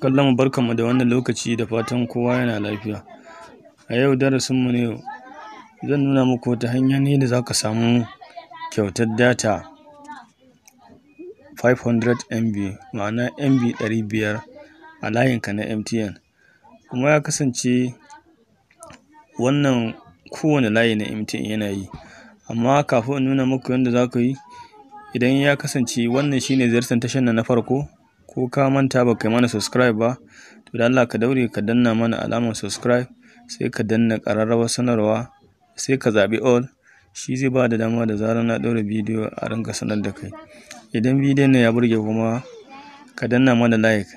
Kallon barkanmu da wannan lokaci da fatan kowa yana lafiya. A yau darasinmu ne zan nuna muku wata hanya ne da za ka samu kyautar data 500 MB ma'ana MB 500 a layinka na MTN. Kuma ya kasance wannan kowane layi na MTN yana yi. Amma kafin in nuna muku yadda za ka yi, idan ya kasance wannan shine ziyartar tashar na farko, ko ka manta ba kai mana subscribe ba to da Allah ka daure ka danna mana alamar subscribe sai ka danna ƙararrawar sanarwa sai ka zaɓi all shi zai ba da dama da zarar na ɗaura bidiyo a ranka sanar da kai idan bidiyon ne ya burge kuma ka danna mana like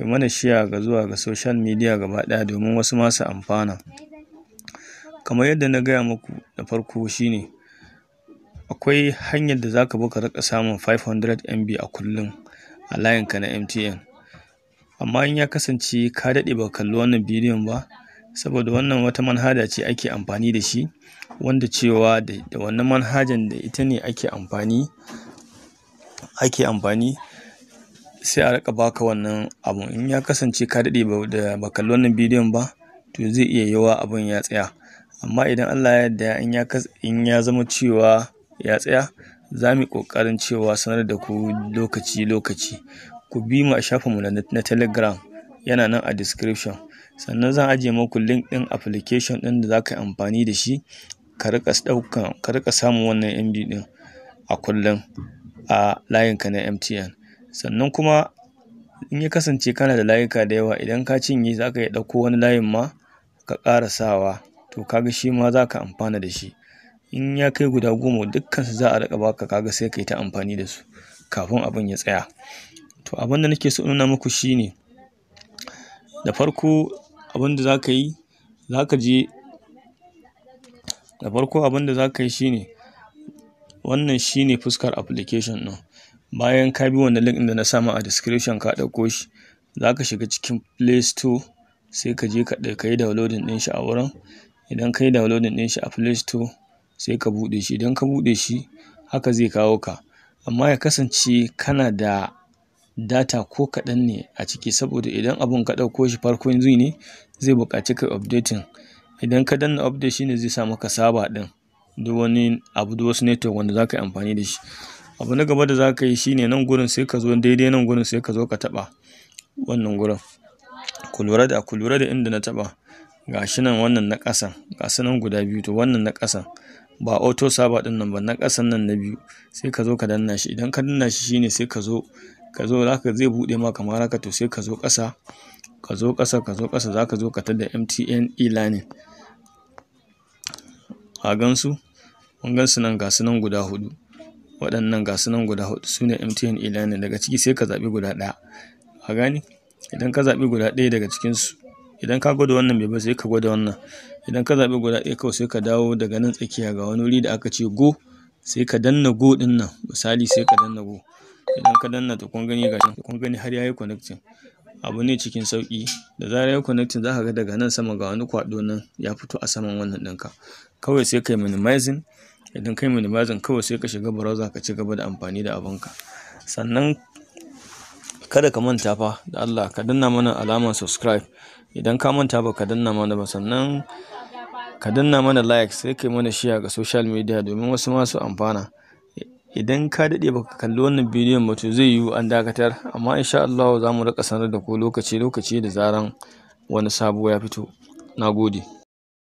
ka mana share ga zuwa ga social media gaba ɗaya domin wasu masu amfana kamar yadda na gaya muku da farko shine akwai hanyar da zaka bi ka riƙa samun 500 MB a kullum a layin ka na MTN amma in ya kasance ka daɗe ba kalli wannan bidiyon ba saboda wannan wata manhaja ce ake amfani da shi wanda cewa da wannan manhajan da ita ne ake amfani ake amfani sai a raka baka wannan abu. in ya kasance ka daɗe ba kalli wannan bidiyon ba to zai iya yawa abun ya tsaya amma idan Allah ya yarda in ya zama cewa ya tsaya za mu yi ƙoƙarin cewa sanar da ku lokaci-lokaci. Ku bi mu a shafinmu na Telegram, yana nan a description. Sannan zan ajiye maku link ɗin application ɗin da za ka yi amfani da shi ka riƙa samun wannan MB ɗin a kullum a layinka na MTN. Sannan kuma in ya kasance kana da layuka da yawa idan ka cinye za ka iya ɗauko wani layin ma ka ƙara sawa to ka ga shi ma za ka amfana da shi. in ya kai guda goma su za a riƙa baka kaga sai kai ta amfani da su kafin abin ya tsaya to abin da nake so in nuna muku shine da farko abin da zaka yi zaka je da farko abin da zaka yi shine wannan shine fuskar application ɗin bayan ka bi wannan link ɗin da na sama a description ka dauko shi za shiga cikin play store sai ka je ka yi downloading din shi a wurin idan ka yi downloading din shi a play store sai ka buɗe shi. Idan ka buɗe shi haka zai kawo ka. Amma ya kasance kana da data ko kaɗan ne a ciki saboda idan abun ka ɗauko shi farkon yanzu ne zai buƙaci ka updating. Idan ka danna update shine zai sa maka saba ɗin duk wani abu da wasu network wanda za ka yi amfani da shi. Abu na gaba da za ka yi shine nan gurin sai ka zo daidai nan gurin sai ka zo ka taɓa wannan gurin. Ku lura da, ku lura da inda na taɓa. Ga shi nan wannan na ƙasa ga su nan guda biyu to wannan na ƙasa ba auto saba din nan ba na ƙasan nan na biyu sai ka zo ka danna shi idan ka danna shi shine sai ka zo ka zo zaka zai buɗe ma kamar haka to sai ka zo ƙasa ka zo ƙasa ka zo ƙasa zaka zo ka tada MTN e-learning a gansu mun gansu nan ga su nan guda hudu waɗannan ga su nan guda hudu su ne MTN e-learning daga ciki sai ka zaɓi guda ɗaya a gani idan ka zaɓi guda ɗaya daga cikinsu idan ka gwada wannan bai ba sai ka gwada wannan idan ka zaɓi guda ɗaya kawai sai ka dawo daga nan tsakiya ga wani wuri da aka ce go sai ka danna go ɗin nan misali sai ka danna go idan ka danna ta kun gani gashi kun gani har yayi connecting abu ne cikin sauki da zarar ya connecting zaka ga daga nan sama ga wani kwado nan ya fito a saman wannan ɗinka kawai sai kai minimizing idan kai minimizing kawai sai ka shiga browser ka ci gaba da amfani da ka sannan kada ka manta fa da Allah ka danna mana alamar subscribe idan ka manta ba ka danna mana ba sannan ka danna mana like sai kai mana shiya ga social media domin wasu masu amfana idan ka daɗe ba ka kalli wannan bidiyon ba zai yiwu an dakatar amma insha Allah za mu rika sanar da ku lokaci lokaci da zaran wani sabo ya fito na gode